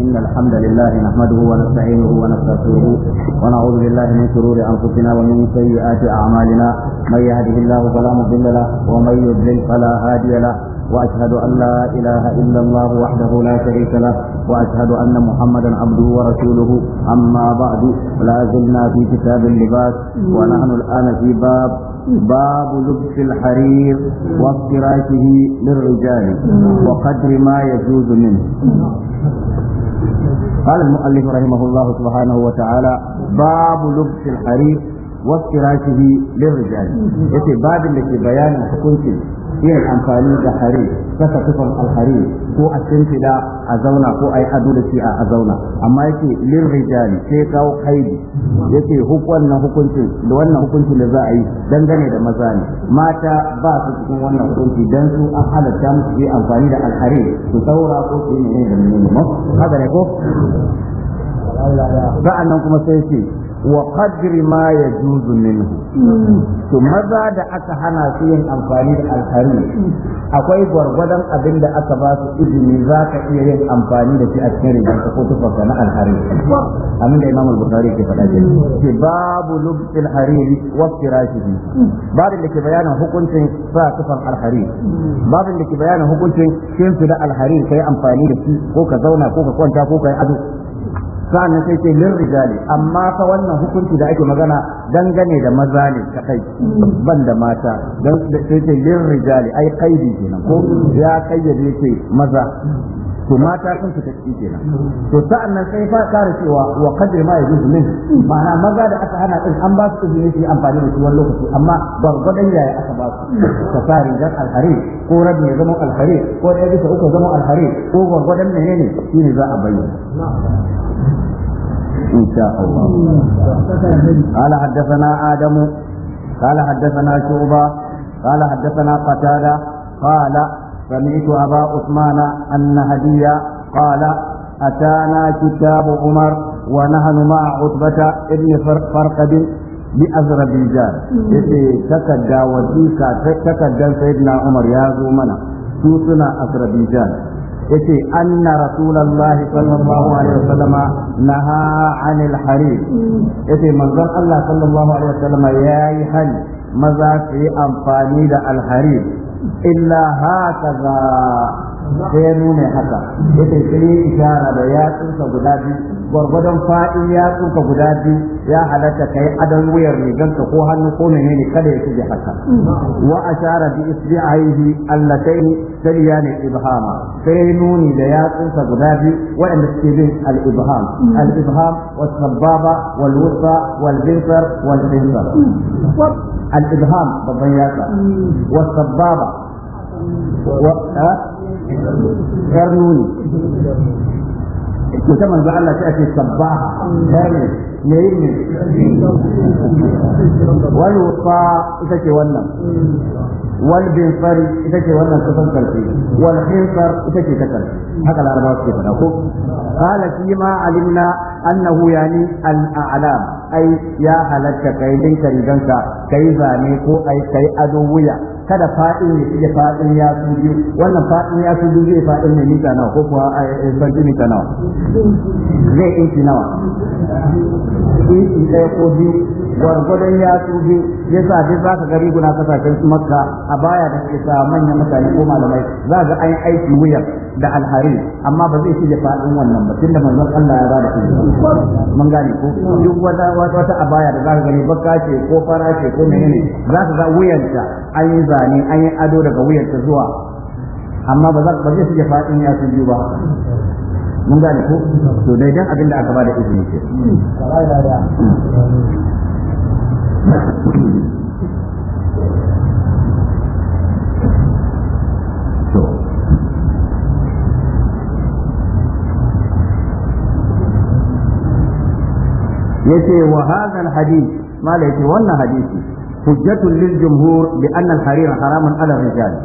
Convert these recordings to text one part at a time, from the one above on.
إن الحمد لله نحمده ونستعينه ونستغفره ونعوذ بالله من شرور أنفسنا ومن سيئات أعمالنا من يهده الله فلا مضل له ومن يضلل فلا هادي له وأشهد أن لا إله إلا الله وحده لا شريك له وأشهد أن محمدا عبده ورسوله أما بعد لا زلنا في كتاب اللباس ونحن الآن في باب باب لبس الحرير وافتراشه للرجال وقدر ما يجوز منه قال المؤلف رحمه الله سبحانه وتعالى باب لبس الحرير wasirashihi lirrijali yace babin da ke bayanin hukuncin yin amfani da hare saka tufan alhari ko a shimfida a zauna ko a yi ado da shi a zauna amma yake lirrijali sai kawo haidi yace wannan hukuncin da wannan hukuncin da za a yi dangane da maza ne mata ba su cikin wannan hukunci dan su an halatta musu yi amfani da alhari su saura ko su yi ne da ne haka ne ko sa'annan kuma sai ce wa qadri ma yajuzu minhu to maza da aka hana su yin amfani da alhari akwai gwargwadon abin da aka ba su izini za ka iya yin amfani da shi a cikin rigar ko tufarka na alhari amin da imam al-bukhari ke faɗa ke babu lubsil hariri wa firashihi babin da ke bayanin hukuncin sa tufan alhari babin da ke bayanin hukuncin amfani da shi ko ka zauna ko ka kwanta ko ka yi sa'an nan sai ce lin rijali amma fa wannan hukunci da ake magana dangane da maza ne ta kai ban da mata dan sai ce lin rijali ai kaidi kenan ko ya kayyade ce maza to mata sun fita ciki kenan to sa'an nan sai fa kare cewa wa qadri ma yajuzu min ma'ana maza da aka hana din an ba su izini su amfani da shi wani lokaci amma gwargwadon yaya aka ba su ka sa rigar alhari ko rabi ya zama alhari ko ɗaya bisa uku zama alhari ko gwargwadon menene shine za a bayyana إن شاء الله قال حدثنا آدم قال حدثنا شعبة قال حدثنا قتادة قال سمعت أبا عثمان النهدي قال أتانا كتاب عمر ونحن مع عتبة ابن فرقد بأذربيجان يسي تكدى وزيكا تكدى سيدنا عمر يا زومنا سوسنا أذربيجان yace anna rasulullahi sallallahu alaihi wasallama naha anil harir yace manzon Allah sallallahu alaihi wasallama yayi hali maza su amfani da alharir illa hakaza sai ya nuna haka ya ce sai ishara da yatsunka guda biyu gwargwadon fa'in yatsunka guda biyu ya halatta kai adon wuyar riganka ko hannu ko menene kada ya shige haka wa ashara bi isbi'aihi allatayn taliyan ibhama sai nuni da yatsunsa guda biyu waɗanda suke bin al-ibham al-ibham was-sababa wal-wusta wal-binsar wal-binsar al-ibham babban yatsa was-sababa yar nuni ita manzo Allah sai ake sabbaha barne me yin wal wufa ita ce wannan wal binsar ita ce wannan kusan karfi wal khinsar ita ce ta karfi haka larabawa suke fada ko qala fima alimna annahu yani al a'lam ai ya halatta kai dinka riganka kai zane ko ai kai ado wuya kada fadin ya fiye fadin ya su biyu wannan fadin ya su biyu zai fadin mai mita nawa ko kuwa eh, eh, mita nawa zai inci nawa inci ɗaya ko biyu gwargwadon ya su biyu ya sa duk za ka gari guna kasashen su makka a baya da suke sa manyan mutane ko malamai za ga an aiki wuya da alhari amma ba zai fiye fadin wannan ba tunda manzon Allah ya ba da mun gane ko duk wata wata abaya da za ka gani bakka ce ko fara ce ko menene za ka ga wuyanta an yi ne an yi ado daga ta zuwa amma ba zai suke faɗin ya su biyu ba mun gane ko to dan abin da aka bada izini ce yace wa hadha alhadith mala wannan hadisi حجة للجمهور بأن الحرير حرام على الرجال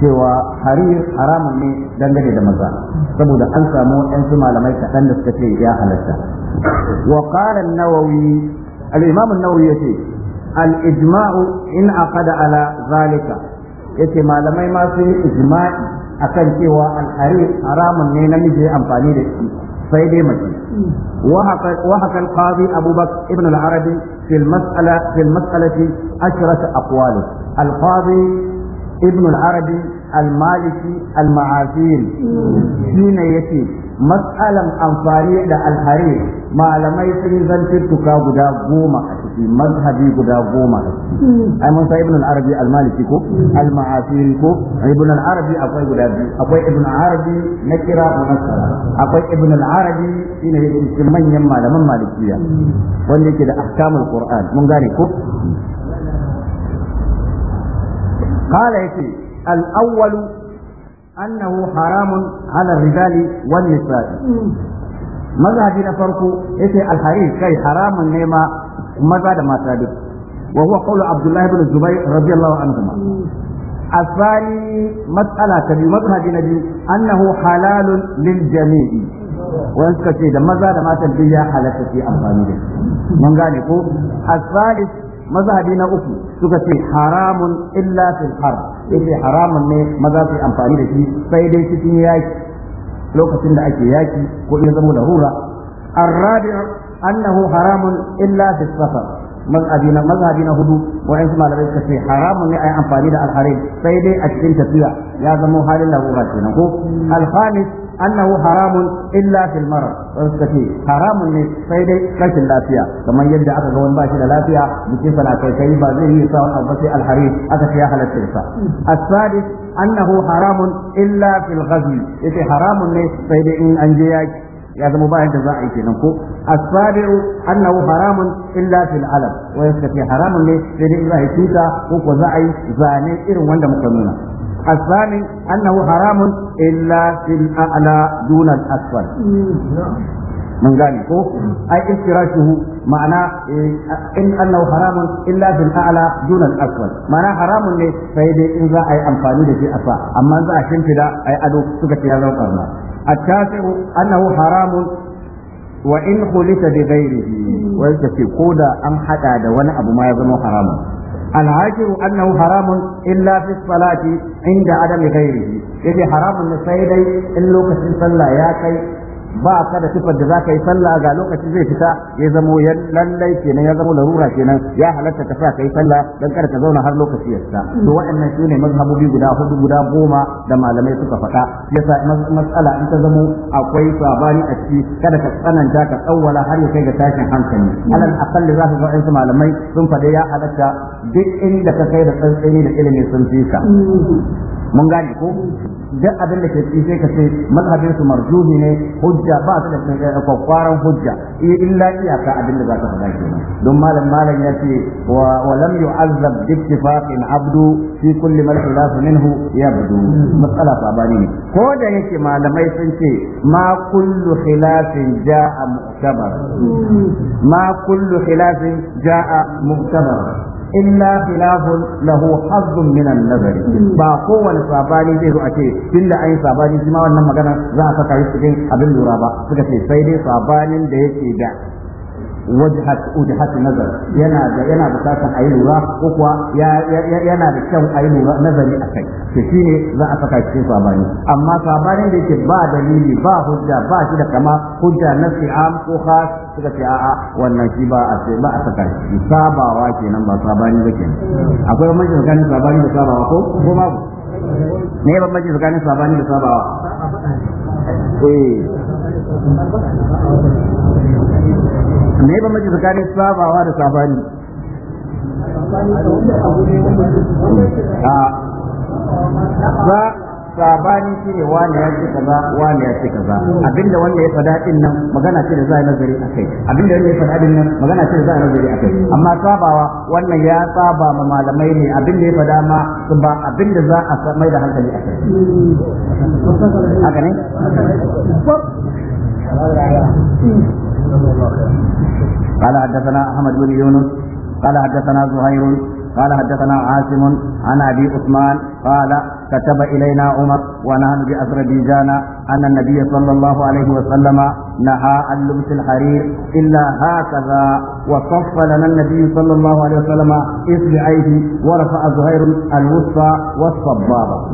cewa harir haramun ne dangane da maza saboda an samu yansu malamai kaɗan da suka ce ya halatta wa qala an-nawawi al nawawi yace al-ijma'u in aqada ala zalika yace malamai ma sun yi ijma'i akan cewa alharir haramun ne namiji amfani da shi sai dai mace wa hakal qadi abubakar ibn al-arabi fi al-mas'ala fi al-mas'alati ashrat aqwal al-qadi ibn al-arabi al-maliki al-ma'azin shine yace mas'alan amfani da al-harir malamai sun zantar tuka guda goma a mazhabi guda goma ai akwai ibn al na kira munassara akwai ibn al-arabi shine yake manyan yake da mun gane قال يتي الأول أنه حرام على الرجال والنساء mazhabi na farko yace alharir kai haramun ne ma maza da mata duk wa huwa qawlu abdullahi ibn zubayr radiyallahu anhu ma asali mas'ala ta bi mazhabi nabi annahu halalun lil jami'i wa yanka ce da maza da mata duk ya halatta fi amfani da mun gane ko asali mazhabi na uku suka ce haramun illa fil har yace haramun ne maza su amfani da shi sai dai cikin yaki lokacin da ake yaki ko in zama da hura الرابع annahu haramun illa fi safar mazhabina mazhabina hudu waɗansu isma suka ce haramun ne yi amfani da alharin sai dai a cikin tafiya ya zama halin larura kenan ko alhamis annahu haramun illa fil marad suka ce haramun ne sai dai rashin lafiya kamar yadda aka ga wani bashi da lafiya jikin sa na kai kai ba zai yi sa abu sai alharin aka ce ya halatta sa annahu haramun illa fil ghazwi haramun ne sai dai in an je yaki ya zama ba da za a yi kenan ko asabiru annahu haramun illa fil alam wa haramun ne sai dai za a yi cuta ko ko za a yi zane irin wanda muka nuna asani annahu haramun illa fil a'la duna al mun gane ko ai istirashuhu ma'ana eh, in haramun illa a'la duna al ma'ana haramun ne sai dai in za a yi amfani da shi asa amma za a shimfida ai ado suka ce ya zama التاسع أنه حرام وإن خلط بغيره ويكفي كودا أم حتى دون أبو ما يظن حراما العاشر أنه حرام إلا في الصلاة عند عدم غيره يجي حرام السيدي إن لوكس صلى يا كي ba ka da sifar da zaka yi sallah ga lokaci zai fita ya zamo ya lallai kenan ya zamo larura kenan ya halatta ka sa kai sallah dan kada ka zauna har lokaci ya fita to waɗannan sune mazhabobi guda hudu guda goma da malamai suka faɗa yasa matsala in ta zamo akwai sabani a ciki kada ka tsananta ka tsawwala har ya kai ga tashin hankali alal akalli za ka ga wasu malamai sun faɗa ya halatta duk inda ka kai da tsantsani da ilimi sun fi ka mun gane ko duk abin da ke ci sai ka ce mazhabin su marjuhi ne hujja ba su da kwakwaran hujja illa iyaka abin da za ka faɗa kenan don malam malam ya ce wa lam yu'azzab bi ittifaqin abdu fi kulli man khilafu minhu yabdu mas'ala sabani ne ko da yake malamai sun ce ma kullu khilafin ja'a mu'tabar hmm. ma kullu khilafin ja'a mu'tabar illa khilafun lahu hazzun min an-nazar ba kowane sabani zai zo a ce tunda an yi sabani shi ma wannan magana za a saka shi cikin abin lura ba suka ce sai dai sabanin da yake da wajhat wajhat nazar yana da yana bukatar ayi lura ko kuwa yana da kyau ayi lura nazari akai to shine za a saka cikin sabani amma sabanin da yake ba dalili ba hujja ba shi da kama hujja na am ko khas suka ce a'a wannan shi ba a ce ba a saka shi sabawa kenan ba sabani ba kenan akwai bambanci tsakanin sabani da sabawa ko ko babu me ya bambanci tsakanin sabani da sabawa eh me ba mace tsakanin sabawa da sabani, ba sabani shi ne wani ya ce kaza wani ya ce kaza abinda wanda ya fada din nan magana ce da za a nazari a kai abinda wanda ya fada din nan magana ce da za a nazari a kai amma sabawa wannan ya saba ma malamai ne abinda ya fada ma ba abinda za a mai da hankali a kai قال حدثنا احمد بن يونس قال حدثنا زهير قال حدثنا عاصم عن ابي عثمان قال كتب الينا عمر ونحن باذربيجان ان النبي صلى الله عليه وسلم نهى عن لبس الحرير الا هكذا وصف لنا النبي صلى الله عليه وسلم اصبعيه ورفع زهير الوسطى والصبابه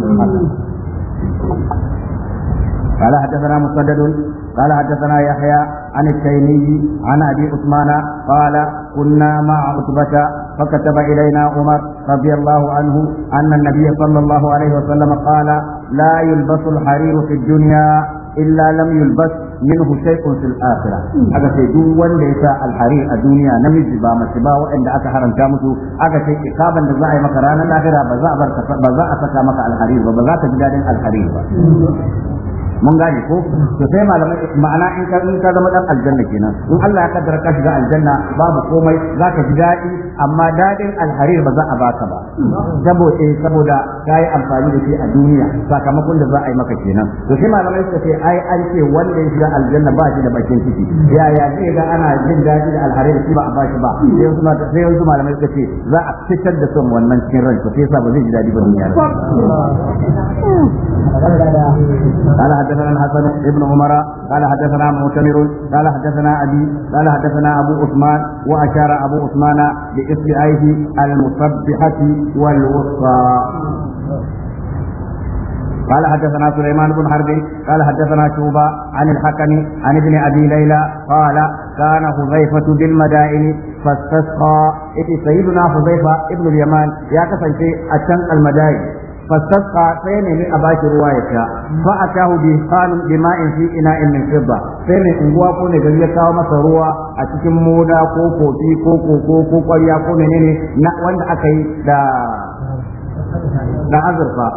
قال حدثنا مسدد قال حدثنا يحيى عن التيمي عن ابي عثمان قال كنا مع عتبة فكتب الينا عمر رضي الله عنه ان النبي صلى الله عليه وسلم قال لا يلبس الحرير في الدنيا الا لم يلبس منه شيء في الاخره هذا في دو wanda yasa alharir a duniya namiji ba mace ba waɗanda aka haramta musu aka ce ikaban da za a yi maka ranar lahira ba za a saka maka alharir ba ba za ka ji dadin alharir ba mun gane ko to sai malamai ma'ana in ka in ka zama dan aljanna kenan in Allah ya kaddara ka shiga aljanna babu komai zaka ji daɗi amma daɗin alharir ba za a baka ba saboda eh saboda kai amfani da shi a duniya sakamakon da za a yi maka kenan to sai malamai suka ce ai an ce wanda ya shiga aljanna ba shi da bakin ciki yaya zai ga ana jin daɗi da alharir shi ba a bashi ba sai yanzu malamai suka ce za a fitar da son wannan cikin ran to sai yasa ba zai ji dadi ba duniya حدثنا الحسن بن عمر قال حدثنا معتمر قال حدثنا أبي قال حدثنا أبو عثمان وأشار أبو عثمان بإصبعيه المسبحة والوسطى قال حدثنا سليمان بن حرب قال حدثنا شوبة عن الحكم عن ابن أبي ليلى قال كان حذيفة بالمدائن فاستسقى إيه سيدنا حذيفة ابن اليمان يا كفن المدائن فاستسقى سيني من أباك رواية فأتاه بإحسان بماء في إناء من فضة سيني إنقوا كوني قد يتاو مسا روا أتكم مودا كوكو تي كوكو كوكو قريا كوني نيني نأوان أكي دا دا azurfa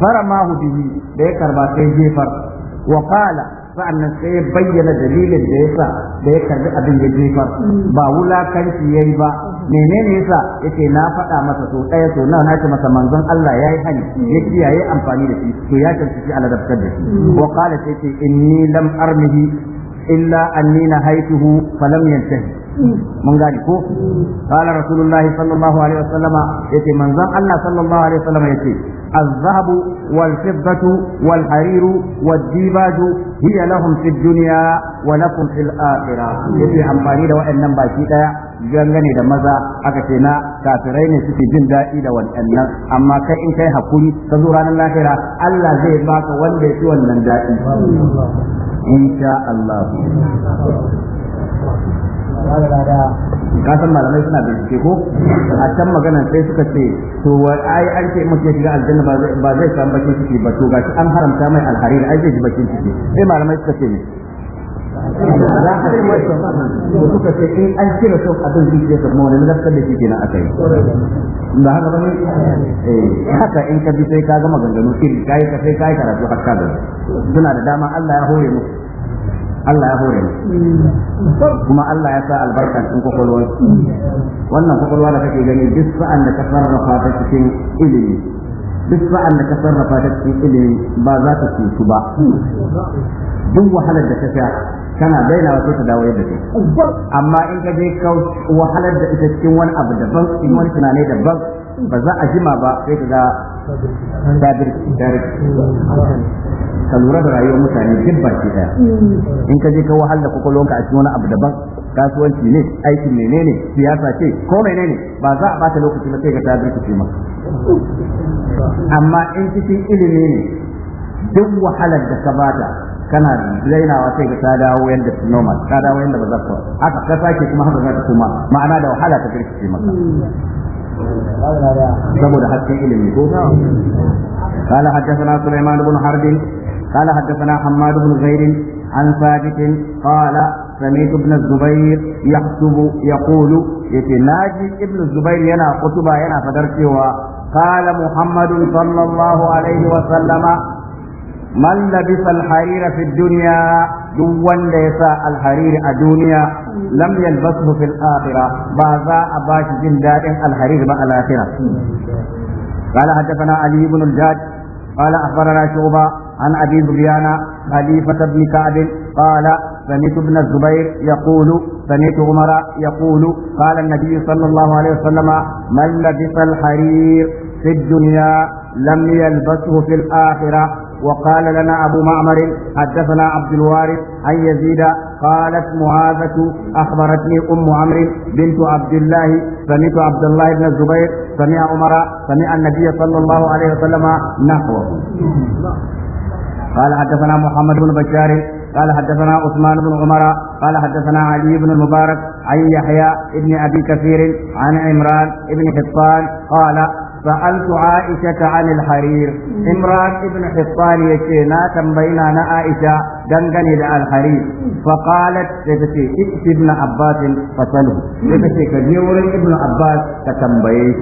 فرماه به da ya karba وقال jefar wa qala sa'annan sai ya bayyana dalilin da yasa da ya karbi abin ya jefar ba wulakanci yayi ba menene yasa yace na faɗa masa so ɗaya so nawa na masa manzon Allah yayi hani ya kiyaye amfani da shi to ya shi Allah da fitar da shi wa qala sai ce inni lam armihi illa anni nahaituhu falam yantahi mun gani ko qala rasulullahi sallallahu alaihi wasallama yace manzon Allah sallallahu alaihi wasallama yace الذهب والفضة والحرير والديباج هي لهم في الدنيا ولكم في الآخرة يجي عن da wa'annan baki ɗaya. gangane da maza aka ce na kafirai ne suke jin daɗi da wannan amma kai in kai hakuri ka zo ranar lahira Allah zai baka wanda ya fi wannan daɗi insha Allah ka san malamai suna bincike ko a can magana sai suka ce to wa ai an ce mutum ya shiga aljanna ba zai samu bakin ciki ba to gashi an haramta mai alhariri ai zai ji bakin ciki sai malamai suka ce za ka ce masa da suka ce in an cire son abin zuciya ka kuma wani lafiyar da shi kenan aka yi ba haka ba ne haka in ka bi sai ka gama ganganu iri kai ka sai kai karatu har ka gaba suna da dama Allah ya hore mu. Allah ya hore kuma Allah ya sa albarka cikin kwakwalwar wannan kwakwalwa da kake gani duk sa'an da ka sarrafa ta cikin ilimi duk sa'an da ka sarrafa ta cikin ilimi ba za ta cutu ba duk wahalar da ta sha kana dainawa sai ta dawo yadda take amma in ka je ka wahalar da ita cikin wani abu daban in wani tunani daban ba za a jima ba sai ka ga ka lura da rayuwar mutane duk baki daya in ka je ka wahalar ka a cikin wani abu daban kasuwanci ne aikin menene siyasa ce ko menene ba za a bata lokaci ba sai ka ta ce maka amma in cikin ilimi ne duk wahalar da ka bata kana zainawa sai ka dawo yadda ta normal ka dawo yadda ba za ka haka ka sake kuma haka za ma'ana da wahala ta kirkice maka saboda hakkin ilimi ko قال حدثنا سليمان بن حرب قال حدثنا حماد بن زيد عن ثابت قال سمعت ابن الزبير يخطب يقول يتناجي ابن الزبير ينا خطبة ينا فدرسي قال محمد صلى الله عليه وسلم man labisa al-harira fi dunya duk wanda ya sa al-hariri a duniya lam yalbasu fil akhirah ba za a bashi jin dadin al-hariri ba a lahira قال حدثنا علي بن الجاج قال اخبرنا شعبه عن ابي سفيان خليفه بن كعب قال سمعت ابن الزبير يقول سمعت عمر يقول قال النبي صلى الله عليه وسلم من لبس الحرير في الدنيا لم يلبسه في الآخرة وقال لنا أبو معمر حدثنا عبد الوارث أن يزيد قالت معاذة أخبرتني أم عمرو بنت عبد الله سمعت عبد الله بن الزبير سمع عمر سمع النبي صلى الله عليه وسلم نحوه قال حدثنا محمد بن بشار قال حدثنا عثمان بن عمر قال حدثنا علي بن المبارك عن يحيى بن ابي كثير عن عمران بن حطان قال سألت عائشة عن الحرير امرأة ابن حطان يشينا تنبينا عائشة دنغني على الحرير فقالت تفتي ائت ابن عباس فسأله تفتي كجور ابن عباس تتنبيه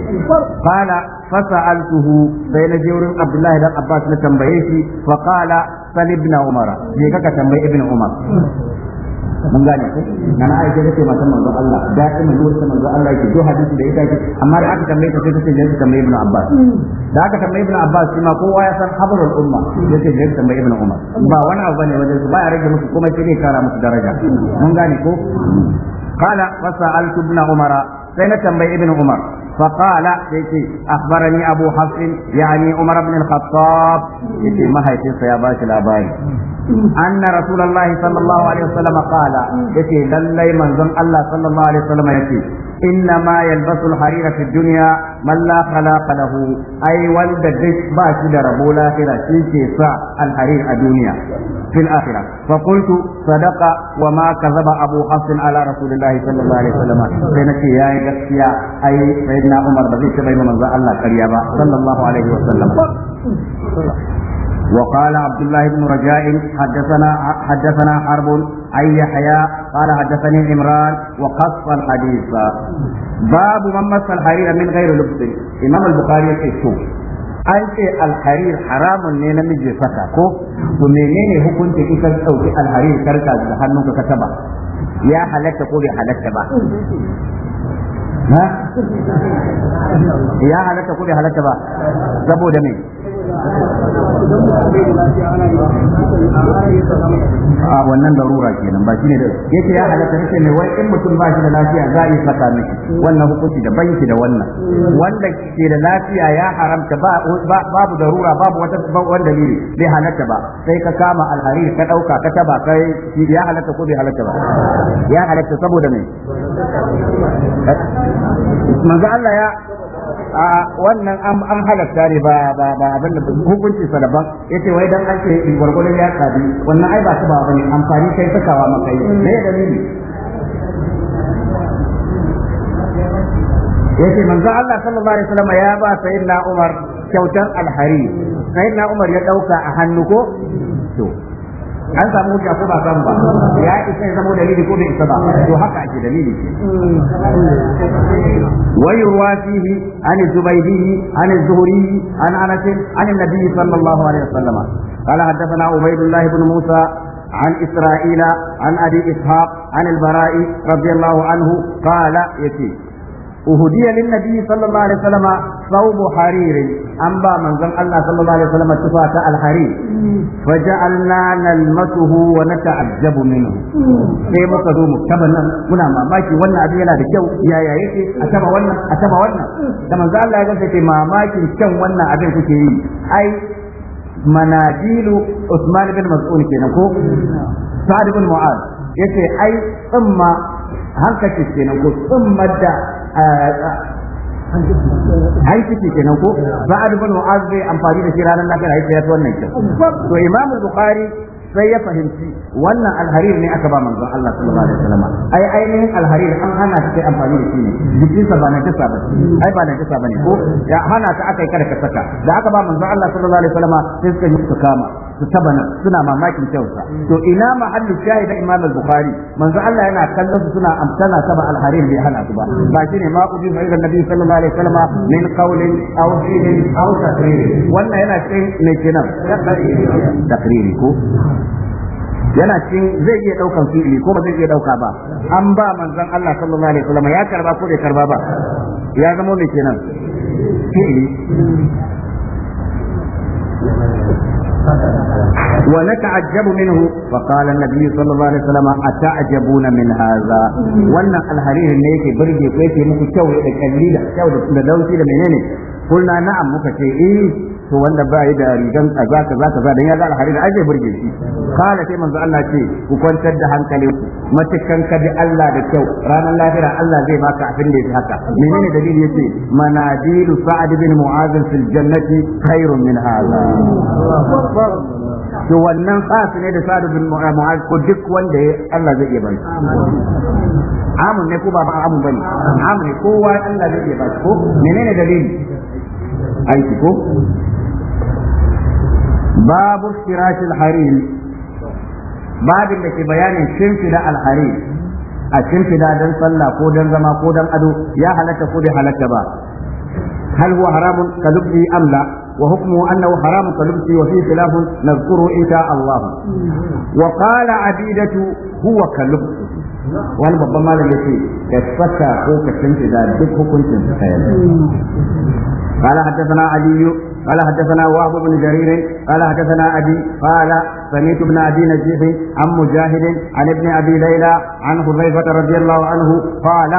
قال فسألته بين جور عبد الله بن عباس تتنبيه فقال سل ابن عمر جيكك تنبي ابن عمر mun gane ko nana aisha take matan manzon Allah da ta mai ruwa manzon Allah yake to hadisi da ita yake amma da aka tambaye ta sai take da tambaye ibn Abbas mm. da aka tambaye ibn Abbas shi ma kowa ya san habrul umma yace da tambaye ibn Umar ba wani abu bane wajen su ba ya rage musu komai sai ne kara musu daraja mun gane ko قال فسألت ابن Umara. sai na tambayi ibn Umar faƙala sai ce akbarani abu hafsin ya ne umar ibn al-khattab mahaifinsa ya ba shi labari anna rasulullahi sallallahu alaihi wasallam qala yake lallai manzon Allah sallallahu alaihi wasallam yake إنما يلبس الحرير في الدنيا من لا خلاق له أي ولد دك باشد ربو الآخرة شيكي سا الحرير الدنيا في الآخرة فقلت صدق وما كذب أبو حفص على رسول الله صلى الله عليه وسلم سينك يا إدكسيا أي سيدنا عمر بذيك بين من الله قريبا صلى الله عليه وسلم وقال عبد الله بن رجاء حدثنا حدثنا حرب عن يحيى قال حدثني عمران وقص الحديث باب من مس الحرير من غير لبس امام البخاري يقول an ce alharir haramun ne namiji saka ko to menene hukuncin ita dauki alharir karka da hannun ka taba ya halatta ko bai halatta ba ya halatta ko bai halatta ba saboda me a wannan darura kenan ba shine da yake ya halatta shi ne wai in mutum ba shi da lafiya za a yi fata miki wannan hukunci da banki da wannan wanda ke da lafiya ya haramta ba babu darura babu wata wani dalili bai halatta ba sai ka kama alhari ka dauka ka taba kai ya halatta ko bai halatta ba ya halatta saboda me manzo Allah ya a wannan an halatta ne ba ba ba abin da hukunci sa daban yace wai dan ake gurgurun ya sabi wannan ai ba su ba bane amfani kai sakawa maka yi me dalili yace manzo Allah sallallahu alaihi wasallam ya ba Na Umar kyautar alhari Na Umar ya dauka a hannu ko to an samu hujja ko ba samu ba ya isa ya zama dalili ko bai isa ba to haka ake dalili ce wa yurwa fihi an zubaydi an zuhri an anas an nabi sallallahu alaihi wasallam قال حدثنا عبيد الله بن موسى عن إسرائيل عن أبي إسحاق عن البراء رضي الله عنه قال يتي أهدي للنبي صلى الله عليه وسلم ثوب حرير أنبا من زم الله صلى الله عليه وسلم تفاة الحرير فجعلنا نلمسه ونتعجب منه sai muka zo mu taba nan muna mamaki wannan abin yana da kyau yaya yake a a taba wannan da manzo Allah ya ganta ce mamakin kyan wannan abin kuke yi ai manajilu Usman bin Mas'ud kenan ko Sa'ad bin Mu'az yace ai tsimma hankali kenan ko da haifiki kenan ko a bin mu'az zai amfani da shi ranar lahira yake ya wannan kyau to imam bukhari sai ya fahimci wannan alharir ne aka ba manzo Allah sallallahu alaihi wasallam ai ainihin alharir an hana ta kai amfani da shi ne jikin sa ba na jasa ba ai ba na ta bane ko ya hana ta aka kada ka saka da aka ba manzo Allah sallallahu alaihi wasallam sai suka yi suka kama su taba nan suna mamakin kyauta mm. to ina mahallin shayi da imam al-bukhari manzo Allah yana kallon su suna amsana saba al-harim bai hana su ba mm. ba shine ma ubi fa ila nabi sallallahu alaihi wasallam min qawlin aw fi'lin aw taqrir wannan yana cikin ne kenan takriri ko yana cikin zai iya daukan fi'li ko ba zai iya dauka ba an ba manzon Allah sallallahu alaihi wasallam ya karba ko bai karba ba ya zama ne kenan fi'li mm. ونتعجب منه فقال النبي صلى الله عليه وسلم أتعجبون من هذا وأن الحرير نيك برجي كويتي مكو شو القليلة شو لدوتي لمنيني قلنا نعم مكتئين to wanda ba yi da rigan kaza kaza kaza dan ya ga alhari da ake burge shi kana sai manzo Allah ce ku kwantar da hankalin ku ka bi Allah da kyau ranar lahira Allah zai baka abin da yake haka menene dalili yake manadilu sa'ad bin mu'az fil jannati khairun min hadha to wannan khas ne da sa'ad bin mu'az ko duk wanda Allah zai iya bani amun ne ko ba ba amun bane amun ne kowa Allah zai iya bani ko menene dalili aiki ko babu firashil harim babin da ke bayanin shimfida alharim a shimfida don sallah ko don zama ko don ado ya halatta ko bai halatta ba hal huwa haramun kalubbi amla wa hukmu annahu haram kalubbi wa fi khilaf nazkuru insha Allah wa qala huwa wani babban malam yace da fasa ko ka shimfida duk hukuncin sa yana قال حدثنا Aliyu. قال حدثنا وهب بن جرير قال حدثنا أبي قال سمعت ابن أبي نجيح عن مجاهد عن ابن أبي ليلى عن حذيفة رضي الله عنه قال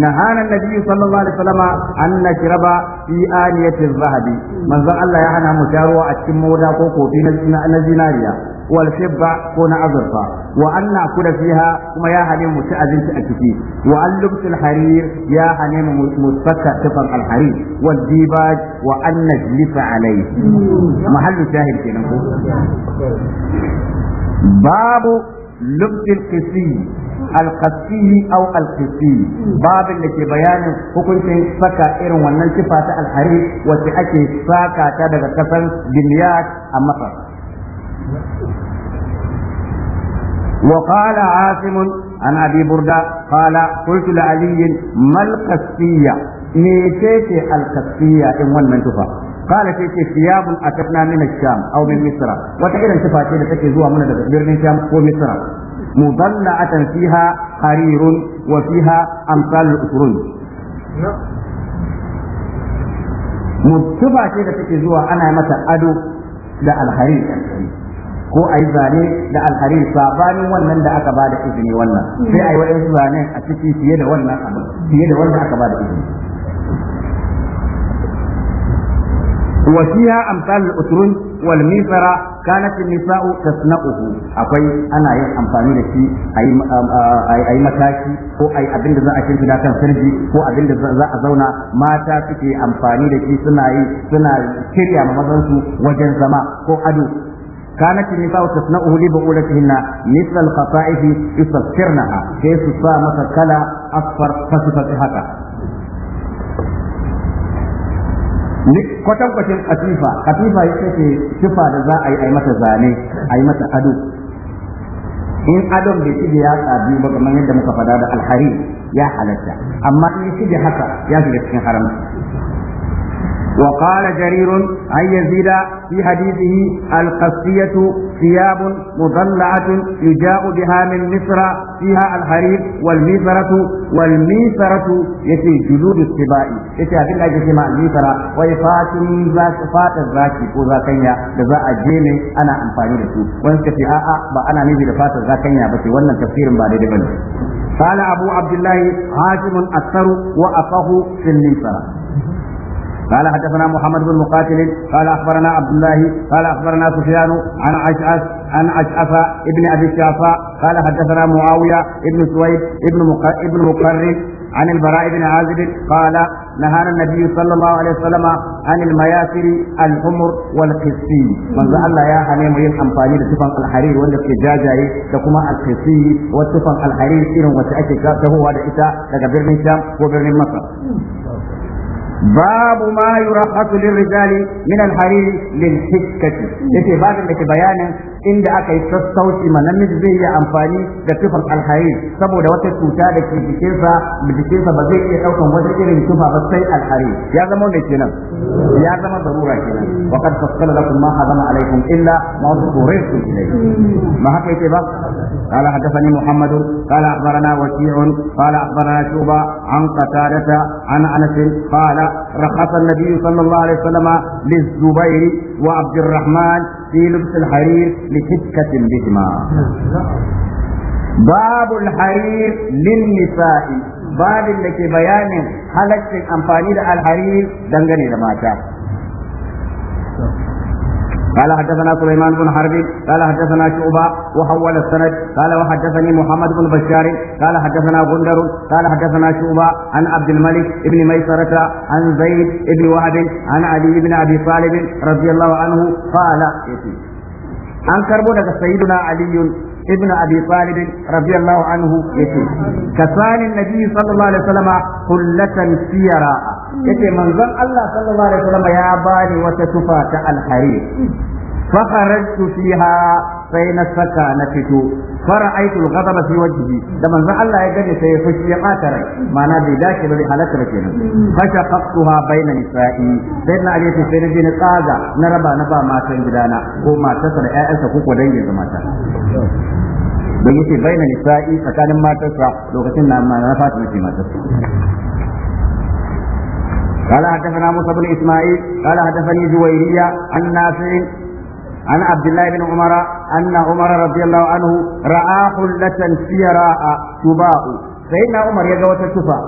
نهانا النبي صلى الله عليه وسلم أن نشرب في آنية الذهب من ذا الله يحنى مشاروع أتكم مودا كوكو في نزيناريا والفضة كون أزرفا wa an nakuda fiha kuma ya hane mu ci abinci a ciki wa an lubsul harir ya hane mu musfaka tufan alharir wa dibaj wa an najlifa alai mahallu shahid kenan ko babu lubsul qisi alqasi au alqisi babin da ke bayanin hukuncin saka irin wannan sifa ta alharir wacce ake saka ta daga kasan a masar وقال عاصم عن ابي برده قال قلت لعلي ما القسطيه ميتيتي القسطيه ان ولمن تفا قال تيتي ثياب اتتنا من الشام او من مصر وتقريبا تفاتي da take zuwa mana daga birnin sham ko misra mudalla'atan fiha harirun wa fiha amsal al-usrun mutuba ce da take zuwa ana mata ado da alharir ko a zane da alharin sabanin wannan da aka bada izini wannan sai a yi zane zanen a ciki fiye da wannan abu fiye da wanda aka bada izini wal mithra kanat والميسرة nisau tasna'uhu akwai ana yin amfani da shi أي أي mataki ko ai abin za a da kan sirri ko abin za a zauna mata suke amfani da shi suna yi suna shirya ma mazan su wajen zama ko ado كانت النساء تصنعه لبعولتهن مثل الخصائف يصفرنها كيف صامت كلا أصفر فصفت هكا kwatankwacin katifa katifa ya ce sifa da za a yi ai mata zane a yi mata ado in adon bai shige ya tsabi ba kamar yadda muka fada da alhari ya halatta amma in ya shige haka ya shiga cikin haramci وقال جرير أن يزيد في حديثه القسية ثياب مضلعة يجاء بها من مصر فيها الحرير والميسرة والميسرة يتي جلود السباء يتي أبن أجل كما الميسرة ويفات فات الزاكي وزاكيا لذا أجيني أنا أمفاني لسو وانك في آآ بأنا نبي لفات الزاكيا بس وانا تفسير بعد دبن قال أبو عبد الله هاشم أكثر وأفه في الميسرة قال حدثنا محمد بن مقاتل قال اخبرنا عبد الله قال اخبرنا سفيان عن اشعث عن اشعث ابن ابي الشعفاء قال حدثنا معاويه ابن سويد ابن مقر ابن مقرن عن البراء بن عازب قال نهانا النبي صلى الله عليه وسلم عن المياسر الحمر والقسي من الله يا حنيم yin amfani da tufan alharir wanda ke jajaye da kuma alqisi wa tufan alharir irin wacce ake tahowa da ita daga birnin Sham ko birnin Masar باب ما يرخص للرجال من الحرير للحكة يتي باب inda aka yi sassauci ma namiji zai yi amfani da tufan alhayi saboda wata cuta da ke jikinsa jikinsa ba zai iya ɗaukan wata irin tufa ba sai alhayi ya zama ne kenan ya zama zarura kenan wa qad fassala lakum ma harama alaykum illa ma turirtum ilayhi ma haka yake ba قال حدثني محمد قال اخبرنا وكيع قال اخبرنا شوبه عن قتاده عن انس قال رخص النبي صلى الله عليه وسلم للزبير وعبد الرحمن في لبس الحرير لشدكة بهما باب الحرير للنساء باب اللي بيان حلقة أمفاني الحرير دنغني لماتا قال حدثنا سليمان بن حرب قال حدثنا شعبة وحول السند قال وحدثني محمد بن بشار قال حدثنا غندر قال حدثنا شعبة عن عبد الملك بن ميسرة عن زيد بن وهب عن علي بن أبي طالب رضي الله عنه قال an karbo daga sayyiduna aliyun ابن أبي طالب رضي الله عنه يقول كسان النبي صلى الله عليه وسلم قلة سيرا يقول من ظن الله صلى الله عليه وسلم يا باني وتتفى الحرير فخرجت فيها فين السكا نفتو فرأيت الغضب في وجهي لما زعل الله يقدر في قاتري ما نبي ذاك الذي حلت رجل فشققتها بين نسائي سيدنا عليه في سيدنا جين قاعدة نربى نبى ما تنجدانا وما تسر آئسة كوكو دنجل كما don yake bayyana nisa'i tsakanin matarsa lokacin na na Fatima ما تسر قال حدثنا موسى بن إسماعيل قال حدثني جويرية عن نافع عن عبد الله بن عمر أن عمر رضي الله عنه رأى حلة سيراء تباع سيدنا عمر يجوى تشفى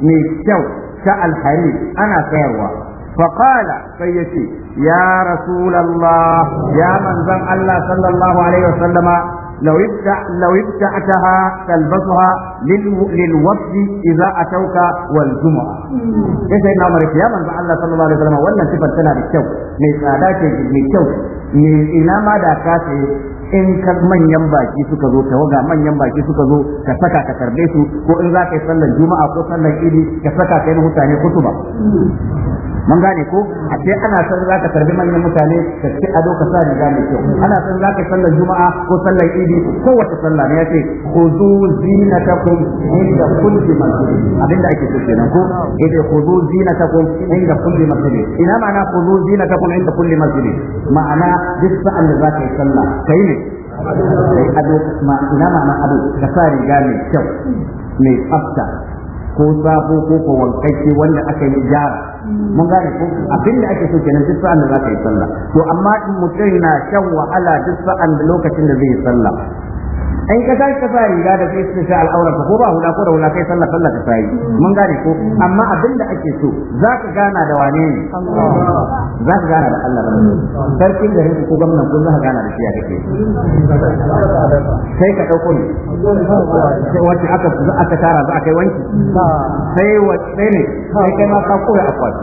من شو الحرير أنا سيروى فقال سيدي يا رسول الله يا من زم الله صلى الله عليه وسلم لو ابتع لو ابتعتها تلبسها للوقت اذا اتوك والجمعه. يا سيدنا عمر يا من الله صلى الله عليه وسلم ولا صفة تنا بالشوك من سادات من من إلى ما داكاته in ka manyan baki suka zo waga manyan baki suka zo ka saka ka karbe su ko in za ka yi sallar juma'a ko sallar idi ka saka ka yi mutane kutuba mun gane ko a ce ana san zaka karbi manyan mutane ka ci ado ka sa riga mai kyau ana san zaka sallar juma'a ko sallar idi ko wata sallah ne yace khudu zinatakum inda kulli masjid abinda ake so kenan ko yace khudu zinatakum inda kulli masjid ina ma'ana khudu zinatakum inda kulli masjid ma'ana duk sa'an da zaka yi sallah kai ne kai ado ma ina ma'ana ado ka sa riga mai kyau mai tsafta ko safo ko ko wankakke wanda aka yi jara? mun gane ko abin da ake so kenan duk sa'an da za ka yi sallah to amma in mutum na shan wahala duk sa'an da lokacin da zai yi sallah in ka tashi ka sa riga da sai sun sa al'aurar ko ba hula ko da hula kai sallah sallah ka sai mun gane ko amma abin da ake so za ka gana da wane ne za ka gana da Allah ba sarkin garin ko gwamnan ko za ka gana da shi ya kake sai ka dauko ne sai wace aka aka tara za a kai wanki sai wace ne sai kai ma ka koya akwati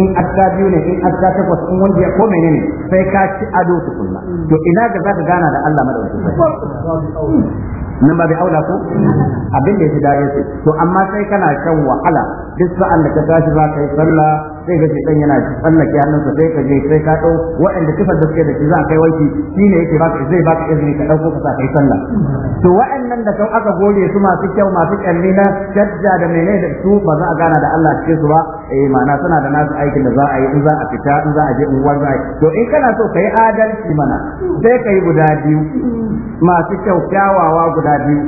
in adda biyu ne in adda takwas in wanda ya ko menene sai ka ci ado tukunna to ina ga za ka gana da Allah madaukakin nan ba bai aula ko abin da ya fi dare su to amma sai kana shan wahala duk sa'an da ka tashi za ka yi sallah sai ga shedan yana tsallake hannunsa sai ka je sai ka dau waɗanda kifar da suke da shi za a kai wanki shine yake baka zai baka izini ka dauko ka sa kai sallah to waɗannan da kan aka gode su masu kyau masu kyalli na jajja da mene da su ba za a gana da Allah cikin su ba eh ma'ana suna da nasu aikin da za a yi in za a fita in za a je unguwar za to in kana so kai adalci mana sai kai guda biyu masu kyau kyawawa guda biyu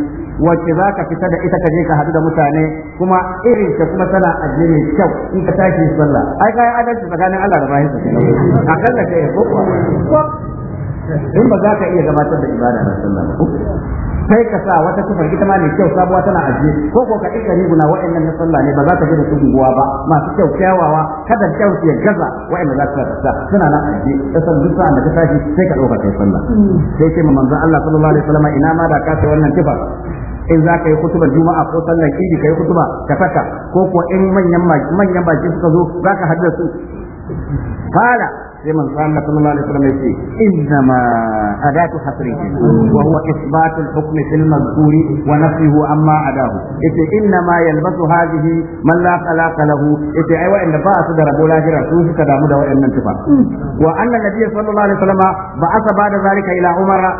wacce za ka fita da ita ka je ka haɗu da mutane kuma irin ta kuma tana ajiye kyau in ka tashi sallah ai kai adalci tsakanin Allah da bayan sa akalla kai ko in ba za ka iya gabatar da ibada na sallah ba sai ka sa wata kufar ita ma mai kyau sabuwa tana ajiye ko ko ka ikari riguna waɗannan na sallah ne ba za ka ji da su guguwa ba masu kyau kyawawa kada kyau ya gaza wa'annan za ka sa suna nan ajiye ta san duk sa'an da ka tashi sai ka ɗauka kai sallah sai ce ma manzon Allah sallallahu alaihi wasallam ina ma da ka sai wannan kifa in za ka yi kutuba juma'a ko sallar idi ka yi kutuba ka saka ko kuwa in manyan baki suka zo za ka su qala sai man Allah sallallahu alaihi wasallam yace amma adahu yace inna ma yalbasu hadhihi yace ai wa'anda ba da rabo lahira su damu da wa'annan tufa wa anna nabiy sallallahu alaihi zalika umara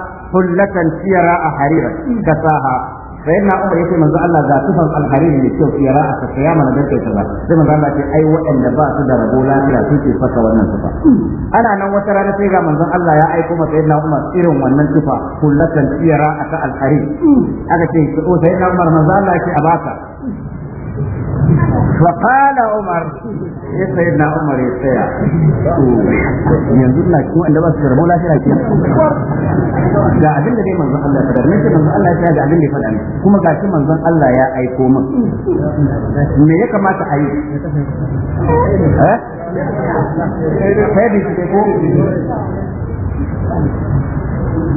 a sai na umar yace manzo Allah ga tufan alhariri ne kyau yara a tsaya mana da kai kaza sai manzo Allah ce ai waɗanda ba su da rabo lafiya su fasa wannan sifa ana nan wata rana sai ga manzo Allah ya aiko ma sayyidina umar irin wannan tufa kullatan yara aka alhariri aka ce sai na umar manzo Allah ya a baka فقال عمر يا سيدنا عمر يا سيا yanzu na cikin wanda ba su karbo lafiya ke ga abin da dai manzon Allah ya faɗa nake manzon Allah ya ga abin da ya faɗa kuma ga shi manzon Allah ya aiko min me ya kamata a yi eh sai ko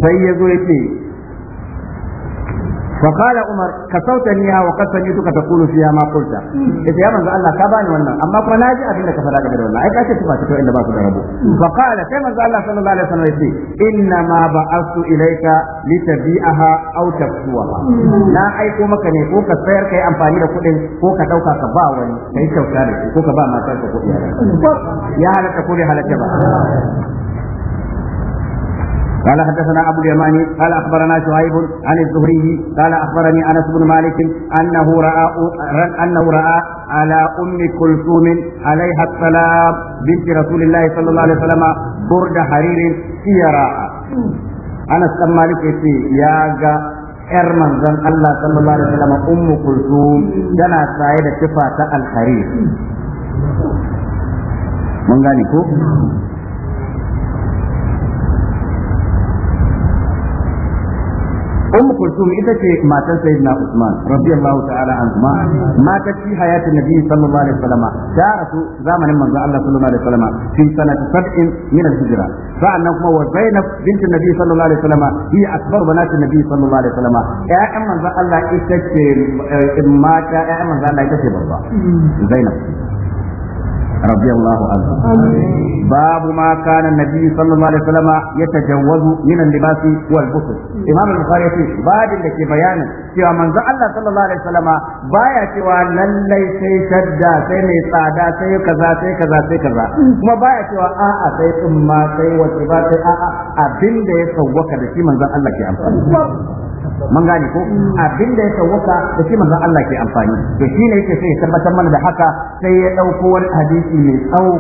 sai ya zo ya ce فقال عمر كسوتنيها وقد سمعتك تقول فيها ما قلت إذا يا من الله كباني والله أما كنا جاء بينك فلا قدر والله أي كاتب تفاتك إلا باك دربو فقال كما الله صلى الله عليه وسلم يقول إنما بعثت إليك لتبيعها أو تكسوها لا أيكو مكني كوك سير كي أمفاني لكل كوك دوكا كبا ولي كي توكاري كوك با ما تنسى كوك يا هلا تقولي هلا كبا قال حدثنا ابو اليماني قال اخبرنا شعيب عن الزهري قال اخبرني انس بن مالك انه راى انه راى على ام كلثوم عليها السلام بنت رسول الله صلى الله عليه وسلم برد حرير سيراء انس بن مالك يا yar manzon Allah sallallahu alaihi wasallam ummu kulsum tana saye da sifa ta alharir mun gane ko أم كلثوم إذا شيء ما سيدنا عثمان رضي الله تعالى عنهما ماتت في حياة النبي صلى الله عليه وسلم دارت زمن من الله صلى الله عليه وسلم في سنة سبع من الهجرة فأنهما وزينب بنت النبي صلى الله عليه وسلم هي أكبر بنات النبي صلى الله عليه وسلم يا أما الله إذا مات يا أما الله إذا زينب رضي الله عنه باب ما كان النبي صلى الله عليه وسلم يتجوز من اللباس والبخل امام البخاري في باب لك بيان cewa manzo Allah sallallahu alaihi wasallama baya cewa lallai sai shadda sai mai tsada sai kaza sai kaza sai kaza kuma baya cewa a'a sai tsumma sai wace ba sai a'a abin ya sauwaka, da shi manzon Allah ke amfani mun gane ko abin da ya sawwaka da shi manzon Allah ke amfani to shine yake sai ya tabbatar mana da haka sai ya dauko wani hadisi mai tsawo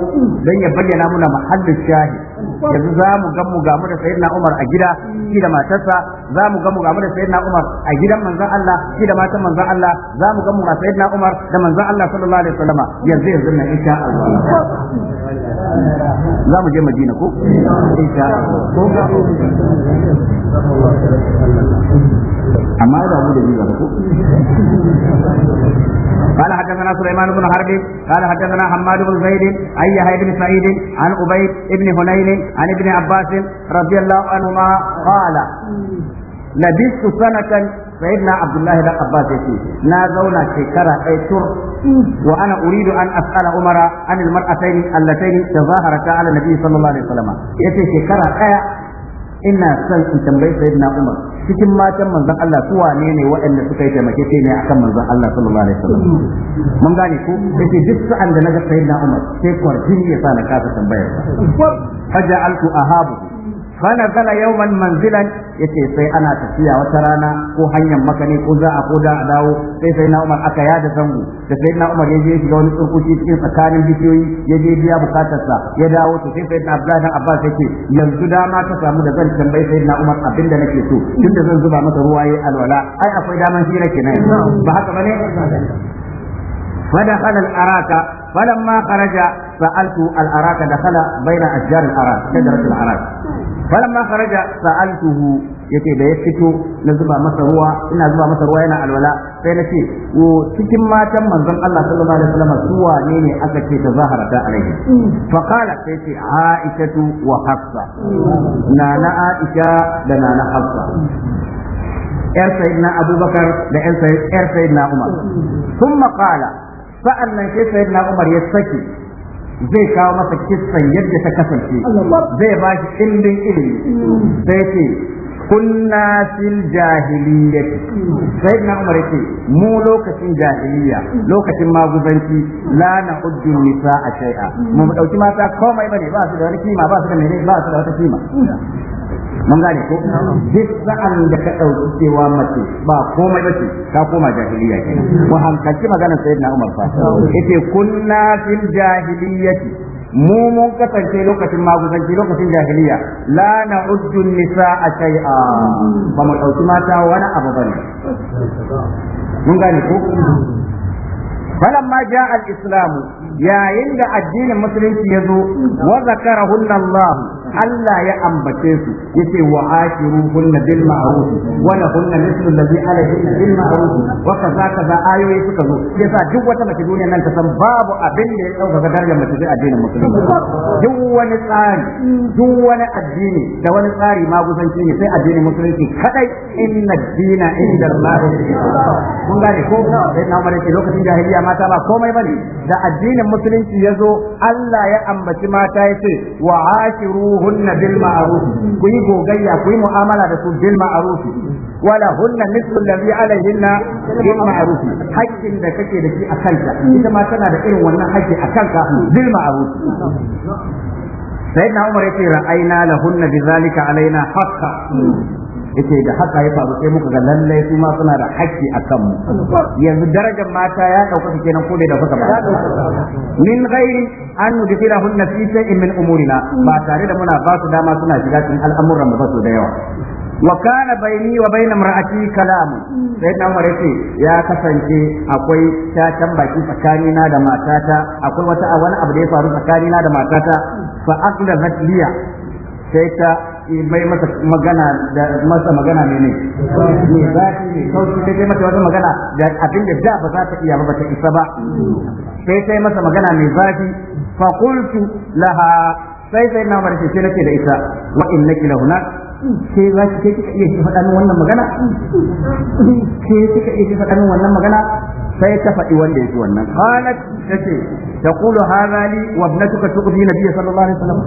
dan ya bayyana muna mahallin shahi yanzu za mu gamu gamu da sayyidina Umar a gida shi da matarsa za mu gamu gamu da sayyidina Umar a gidan manzon Allah shi da matan manzon Allah za mu gamu ga sayyidina Umar da manzon Allah sallallahu alaihi wasallama yanzu yanzu na insha Allah za mu je Madina ko insha Allah amma da mu da biyu ko قال حدثنا سليمان بن حرب قال حدثنا حماد بن زيد اي يحيى بن سعيد عن عبيد بن هنين عن ابن عباس رضي الله عنهما قال لبثت سنة سيدنا عبد الله بن عباس يقول نا زونا شكرا اي شر وانا اريد ان اسال عمر عن المرأتين اللتين تظاهرتا على النبي صلى الله عليه وسلم يتي شكرا اي ina son in tambayi sayyidina Umar cikin matan manzon Allah su wane ne waɗanda suka yi taimake ce ne akan manzon Allah sallallahu alaihi wasallam mun gane ko yace duk sa'an da naga sayyidina Umar sai kwarjini ya sa na kasa tambayar faja'altu ahabu فنزل يوما manzilan yace sai ana tafiya wata rana ko hanyar makani ko za a ko da a dawo sai sai na umar aka yada zango da sai na umar ya je shiga wani tsurkuci cikin tsakanin bishiyoyi ya je biya bukatarsa ya dawo to sai sai na abdullahi dan abbas yake yanzu dama ta samu da zan tambayi sai na umar abin da nake so tunda zan zuba masa ruwa yayi alwala ai akwai daman hira kenan ba haka bane فدخل الأراك فلما خرج سألت الأراك دخل بين أشجار الأراك شجرة الأراك falamma kharaja sa'altuhu yace da ya fito na zuba masa ruwa ina zuba masa ruwa yana alwala sai na ce wo cikin matan manzon Allah sallallahu alaihi wasallam su wane ne aka ce ta zahara ta alaihi mm. fa qala sai ce aishatu wa hafsa nana aisha da nana hafsa yar sayyidina abubakar da yar sayyidina umar mm. thumma qala sa'annan sai sayyidina umar ya saki zai kawo masa kisan yadda ta kasance zai ba shi ilmin ilimi sai ce kunna fil jahiliyyah sai na umar ce mu lokacin jahiliya lokacin maguzanci la na uddu nisa a shay'a mu dauki mata komai bane ba su da wani kima ba su da menene ba su da wata kima mun gane ko duk sa'an da ka ɗauki cewa mace ba komai bace ta koma jahiliya ke mu hankalci maganar sayyidina Umar fa yace kunna fil jahiliyyati mu mun kasance lokacin maguzanci lokacin jahiliya la na'uddu nisa'a shay'a ba mu mata wani abu bane mun gane ko falamma ja'a al-islamu yayin da addinin musulunci ya zo wa zakarahunna Allah Allah ya ambace su yace wa ashiruhunna bil ma'ruf wa lahunna mithlu alladhi alayhinna bil ma'ruf wa kaza kaza ayoyi suka zo yasa duk wata mace duniya nan ta san babu abin da ya dauka da mace sai addinin musulunci duk wani tsari duk wani addini da wani tsari ma gusanci ne sai addinin musulunci kadai inna dina inda Allah mun gane ko sai na mare lokacin jahiliya mata ba komai bane da addinin musulunci ya zo Allah ya ambaci mata ya ce wa ashiruhunna bil ma'ruf ku yi gogayya ku yi mu'amala da su bil ma'ruf wala hunna mithlu alladhi alayhinna bil ma'ruf haƙƙin da kake da shi a kanka ita ma tana da irin wannan haƙƙi a kanka bil ma'ruf sayyidina Umar yace ra'ayna lahunna bizalika alaina haqqan yake da haka ya faru sai muka ga lalle su ma suna da haƙƙi a kanmu yanzu darajar mata ya ɗaukaka kenan ko da ɗaukaka ba min ghairi an nudfira hunna fi shay'in min umurina ba tare da muna ba su dama suna shiga cikin al'amuran mu ba su da yawa wa kana baini wa baina mar'ati kalamu sai dan mare ce ya kasance akwai tatan baki tsakani da matata akwai wata wani abu da ya faru tsakani na da matata fa aqda liya sai ta mai masa magana da masa magana ne ne ne zafi ne sauki sai sai masa wata magana da abin da da ba za ta iya ba ba ta isa ba sai sai masa magana mai zafi fa qultu laha sai sai na marke na nake da ita wa innaki huna ke za ki kai iya faɗa min wannan magana ke kika iya faɗa min wannan magana sai ta faɗi wanda ya ji wannan ta tace ta hadha li wa na ibnatuka tuqdi nabiy sallallahu alaihi wasallam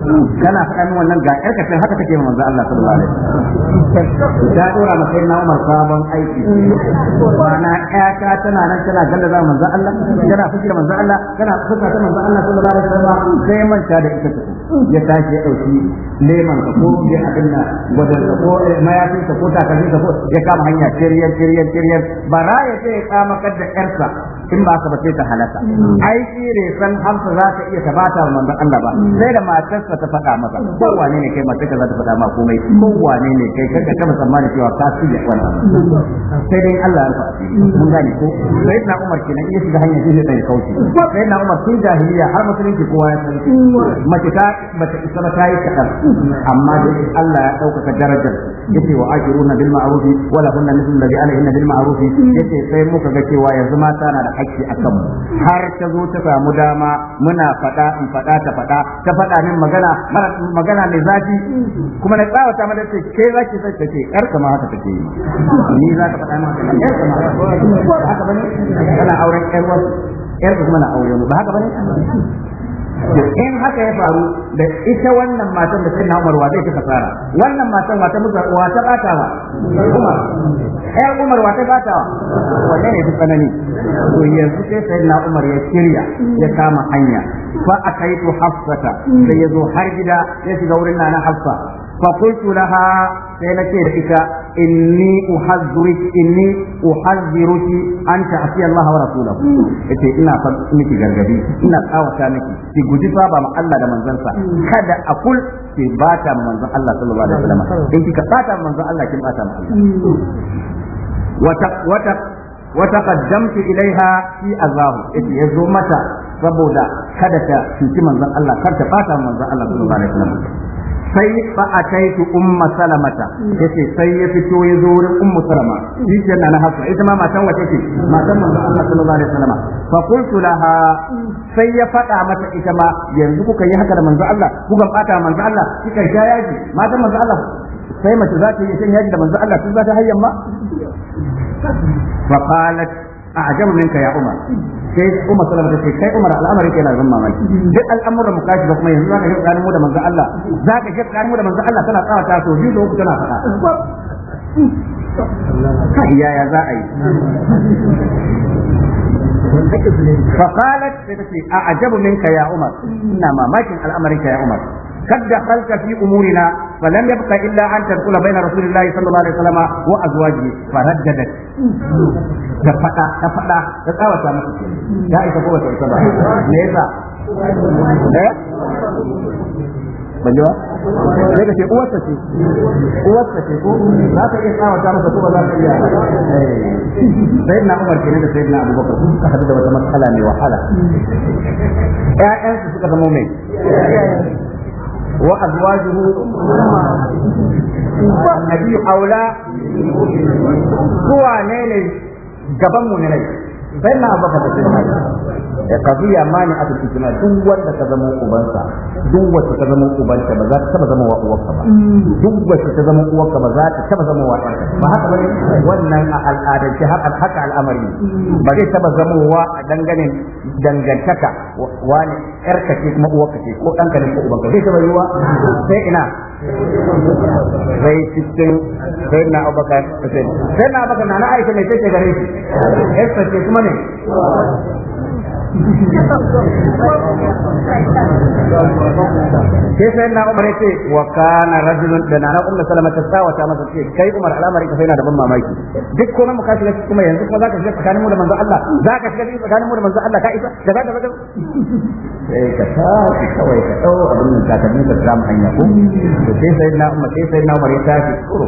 kana faɗa min wannan ga yarka sai haka take manzo Allah sallallahu alaihi wasallam ta dora masa na Umar sabon aiki mana ƴata tana nan tana gallaza manzo Allah tana fushi da manzo Allah tana fuska ta manzo Allah sallallahu alaihi wasallam sai manta da ita ya tashi ya dauki leman ka ko ya abin na gwadan ka ko eh, mayafin ka ko takalmin ka ko ya kama hanya kiriyar kiriyar kiriyar bara ya ce ya kama kadda ƴarsa Gracias. in ba ka ba sai ta halaka ai shi ne san hamsa za ta iya tabata wa manzon Allah ba sai da matarsa ta faɗa masa ko wane ne kai matarka za ta faɗa ma komai ko wane ne kai kanka ka tsammani cewa ka shirya wannan sai dai Allah ya rufa mun gane ko sai na Umar kenan iya shiga hanyar shi sai kauce sai na Umar tun jahiliya har musulunci kowa ya san mace ta bata isa ba ta yi kadan amma dai Allah ya ɗaukaka darajar yace wa ajiruna bil ma'ruf wa lahunna mithlu alladhi alayhinna bil ma'ruf yace sai muka ga cewa yanzu mata na da haƙƙi a kanmu har ta zo ta samu dama muna faɗa in faɗa ta faɗa ta faɗa min magana magana mai zafi kuma na tsawata mata ce ke za ki sai take kar kama haka take yi ni za ka faɗa min haka ne kar kama haka bane kana auren ƴar wasu ƴar kuma na auren ba haka bane in haka ya faru da ita wannan matan da sai na Umar wa zai ta kasara wannan matan wata musa wa ta bata wa Umar ai Umar wa ta bata wa wannan ne tsanani to yanzu sai sai na Umar ya shirya ya kama hanya fa akaitu hafsata sai yazo har gida ya shiga wurin nana hafsa فقلت لها سينتي لك إني أحذرك إني أحذرك أن تعصي الله ورسوله إتي إنا فمك جرجبي إنا أو كانك في جدفة بما الله لمن زنسا كذا أقول في باتا من الله صلى الله عليه وسلم إنك كباتا من الله كم أتا من الله وتق وتق وتقدمت إليها في أذاه إتي يزو متى saboda kada ta cuci manzon Allah kar ta fata manzon Allah sallallahu alaihi wasallam sai fa ataitu umma salamata yace sai ya fito ya zo wurin ummu salama shi ce na hafsa ita ma matan wace ce matan manzo Allah sallallahu alaihi wasallam fa qultu laha sai ya faɗa mata ita ma yanzu kuka yi haka da manzo Allah kuka bata manzo Allah kika ja yaji matan manzo Allah sai mace za ta yi shan yaji da manzo Allah sun za ta hayyan ma fa qalat a ajam minka ya umar sai umar sallama ta ce kai umar al'amari kai na mamaki duk al'amuran mu kashi ba kuma yanzu za zaka shi tsakanin mu da manzo Allah za ka shi tsakanin mu da manzo Allah tana tsawata sau biyu da uku tana faɗa yaya za a yi ta فقالت a ajabu minka ya umar ina mamakin al'amarin ka ya umar قد دخلت في أمورنا فلم يبقى إلا أن تدخل بين رسول الله صلى الله عليه وسلم وأزواجه فرددت تفتا تفتا تتاوى سامة لا يتفوى تتبع ليس banjewa sai ga ce uwarsa ce uwarsa ce ko za ka iya tsawa ta masa kuma za ka iya sai na umar kenan da sai na sun suka hadu da wata matsala mai wahala ƴaƴansu suka zama mai وأزواجه النبي أولى هو نيل gaban mu ne sai na abaka da sai da kafiya mani a cikin duk wanda ka zama ubansa duk wacce ta zama ubanta ba za ta taba zama wa uwarka ba duk wacce ta zama uwarka ba za ta taba zama wa ɗanka ba haka bane wannan a al'adance haka al'amari ba zai taba zama wa a dangane dangantaka wani ka ce kuma uwarka ce ko ɗanka ne ko ubanka zai taba yiwa sai ina zai cikin sai na abubakar sai na abubakar na na aiki mai take gare shi ya kuma ne sai sai na umar yace wa kana rajulun da na umma salama ta sawa ta masa ce kai umar alamar ka sai na da ban mamaki duk ko mun kashi kuma yanzu kuma zaka shiga tsakanin mu da manzo Allah zaka shiga tsakanin mu da manzo Allah ka isa da zaka baka sai ka tashi kawai ka dau abin da ka dinka hanya ko sai sai na umma sai sai na umar ya tashi kuro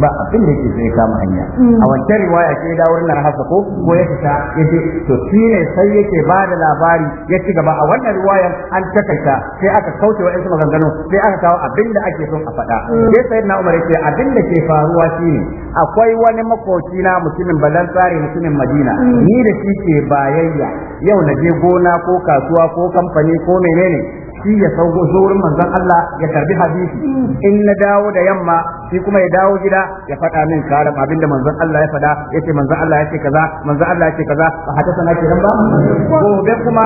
ba abin da yake sai kama hanya mm. a wancan riwaya ke da wurin nan hasa ko ko ya fita ya je? to ne sai yake ba da labari ya ci gaba a wannan riwayan an takaita sai aka kauce wa yansu maganganu sai aka kawo abin da ake son a faɗa mm. sai sayyidina Umar yace abin da ke faruwa shine akwai wani makoci na mutumin balan tsari mutumin Madina mm. ni da shi ke bayayya yau na je gona ko kasuwa ko kamfani ko menene shi ya sauko zo wurin manzon Allah ya karbi hadisi in na dawo da yamma shi kuma ya dawo gida ya faɗa min abin abinda manzon Allah ya faɗa yace manzon Allah yace kaza manzon Allah yace kaza ba hadasa na kiran ba gobe kuma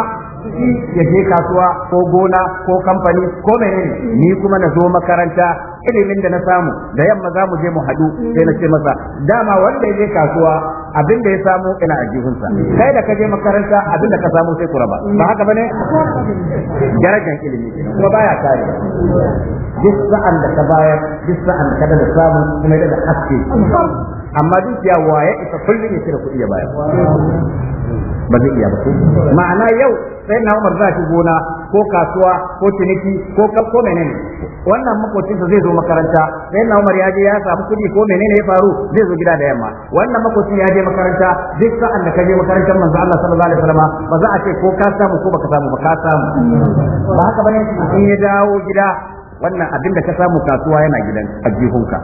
ya je kasuwa ko gona ko kamfani ko menene ni kuma na zo makaranta ilimin da na samu da yamma za mu je mu haɗu sai na ce masa dama wanda ya je kasuwa abin da ya samu ina a jihunsa kai da ka je makaranta abin da ka samu sai ku raba ba haka bane darajar ilimi kuma baya kare duk sa'an da ka bayar duk sa'an da ka da samu kuma da haske amma ya waye isa kullum ya kira kuɗi ya bayar ba zai iya ba ma'ana yau sai na umar za shi gona ko kasuwa ko ciniki ko ko menene wannan makocinsa zai zo makaranta sai na umar ya je ya samu kuɗi ko menene ya faru zai zo gida da yamma wannan makocin ya je makaranta duk sa'an da ka je makarantar manzo Allah sallallahu alaihi wasallam ba za a ce ko ka samu ko baka samu ba ka samu ba haka bane in ya dawo gida wannan abin da ka samu kasuwa yana gidan a ajihunka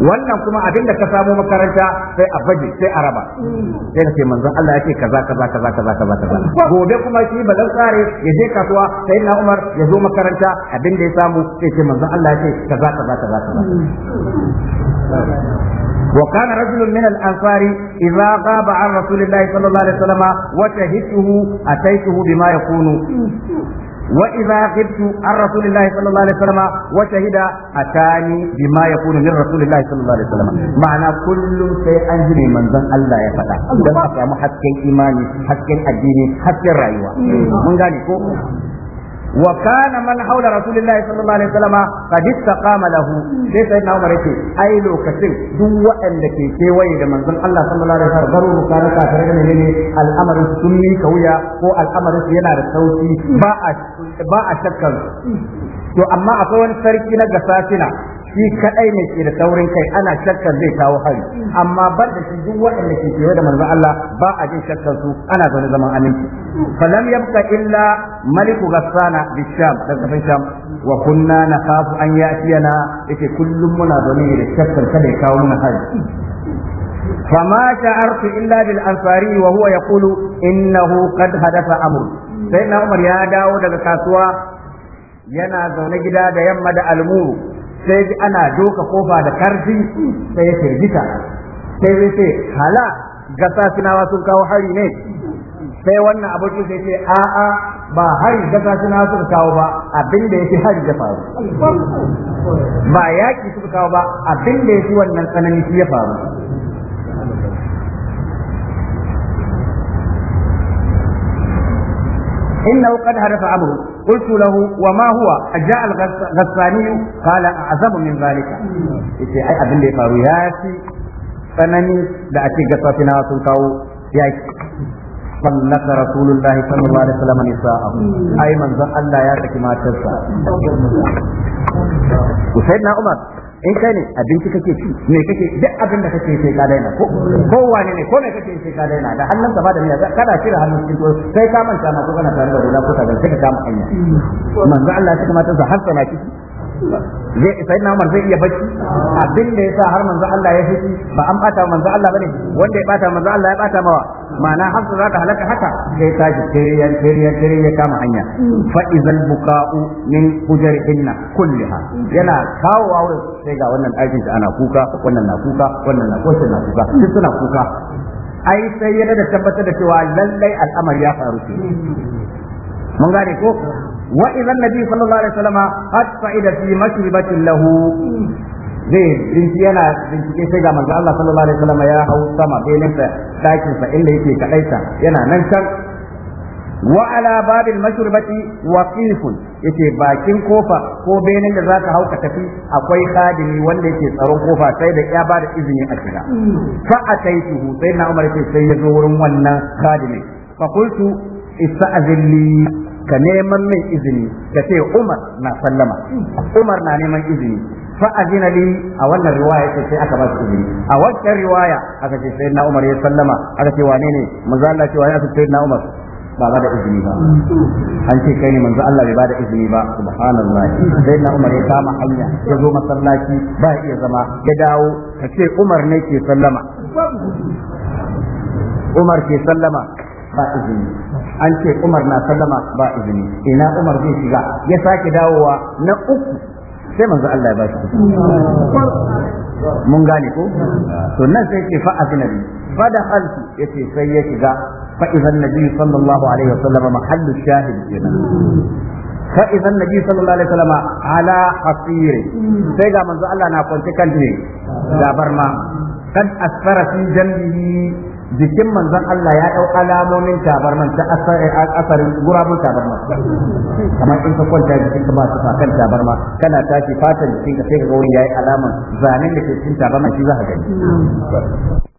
wannan kuma abin da ka samu makaranta sai a baje sai a raba sai ka ce manzon Allah ya ce kaza kaza kaza kaza kaza kaza gobe kuma shi balan tsare ya je kasuwa sai na Umar ya zo makaranta abin da ya samu sai ce manzon Allah ya ce kaza kaza kaza kaza وكان رجل من الأنصار إذا غاب عن رسول الله صلى الله عليه وسلم وشهدته أتيته بما يكون وإذا غبت عن رسول الله صلى الله عليه وسلم وشهد أتاني بما يكون من رسول الله صلى الله عليه وسلم معنى كل شيء أنجلي من ذن الله يفتح دم أسامة حتى إيماني حتى الديني حتى الرأيوة من ذلك وكان من حول رسول الله صلى الله عليه وسلم قد استقام له sai sai na umar yake ai lokacin duk waɗanda ke kewaye da manzon Allah sallallahu alaihi wasallam garu ruka na kafir ne ne al'amarin sun yi kauya ko al'amarin yana da sauki ba a shakkan to amma akwai wani sarki na gasasina shi kadai ne ke da saurin kai ana shakkar zai kawo hari amma bar da shi duk waɗanda ke kewa da manzon Allah ba a jin shakkar su ana zaune zaman aminci falam yabqa illa maliku ghassana bisham da kafin sham wa kunna nakhafu an yatiyana yake kullum muna zaune da shakkar kada ya kawo mana hari فما شعرت إلا بالأنصاري وهو يقول إنه قد حدث أمر سيدنا عمر يا داود daga kasuwa yana zaune gida da yamma da almuru sai ji ana doka kofa da karfi sai ya firgita sai zai ce hala ga sasinawa sun kawo hari ne sai wannan abokin sai ce a'a ba hari ga sasinawa suka kawo ba abin da yake hari da faru ba yaki suka kawo ba abin da yake wannan tsanani ya faru إنه قد هدف أمره قلت له وما هو جاء الغساني قال أعظم من ذلك إيه أي أبن لي فاروياتي فنني لأتي قصتنا سلطاو يأتي صلت رسول الله صلى الله عليه وسلم نساءه أي من ذا الله يأتي ما تسا وسيدنا عمر in kai ne abinci kake ci me kake duk abin da kake sai ka daina ko ko wani ne ko me kake sai ka daina da hannun ka ba da miya kada kira hannun cikin tuwo sai ka manta ma ko kana tare da dole ko ka ga sai ka kama hanya manzo Allah ya kamata su har sana ciki zai sai na zai iya bacci abin da yasa har manzo Allah ya fici ba an bata manzo Allah bane wanda ya bata manzo Allah ya bata mawa ma'ana hafsa za ta halaka haka sai ta ji tiriyar tiriyar tiriyar ya kama hanya fa izal buka'u min hujarihinna kulliha yana kawo aure sai ga wannan ɗakin ana kuka wannan na kuka wannan na kuka na kuka duk suna kuka ai sai yana da tabbatar da cewa lallai al'amari ya faru ce mun gane ko wa idan nabi sallallahu alaihi wasallam qad fa'ida fi mashribatin lahu zai rinci yana bincike sai ga manzo Allah sallallahu alaihi wasallam ya hau sama bayan sa dakin sa inda yake kadaita yana nan can wa ala babil mashrubati waqifun yace bakin kofa ko benin da zaka hauka tafi akwai khadimi wanda yake tsaron kofa sai da ya bada izini a shiga fa ataituhu sai na Umar yake sai ya wurin wannan khadimi fa qultu ista'zin ka neman min izini ka ce Umar na sallama Umar na neman izini فأذن لي أولا رواية سي أكا بس إذن أولا رواية أكا سيدنا عمر يسلم أكا سيوانيني مزالة سيوانيني سيدنا عمر ba ba da izini ba an ce kai ne manzo Allah bai ba da izini ba subhanallah sai na Umar ya kama hanya ya zo masallaci ba iya zama ya dawo ka ce Umar ne ke sallama Umar ke sallama ba izini an ce Umar na sallama ba izini ina Umar zai shiga ya sake dawowa na uku sai manzo Allah ya ba shi mun gane ko to nan sai ce fa azinabi fa da yace sai ya shiga fa idan nabi sallallahu alaihi wasallam mahallu shahid kenan fa idan nabi sallallahu alaihi wasallam ala hasir sai ga manzo Allah na kwance kan ne da barma kad asfara fi janbihi jikin manzon Allah ya ɗau alamomin tabarman ta asarin gurabun tabarma kamar in ka kwanta jikin ka ba su fakan tabarma kana tashi fatan jikin ka sai ka ga wani yayi alaman zanen da ke cikin tabarma shi za ka gani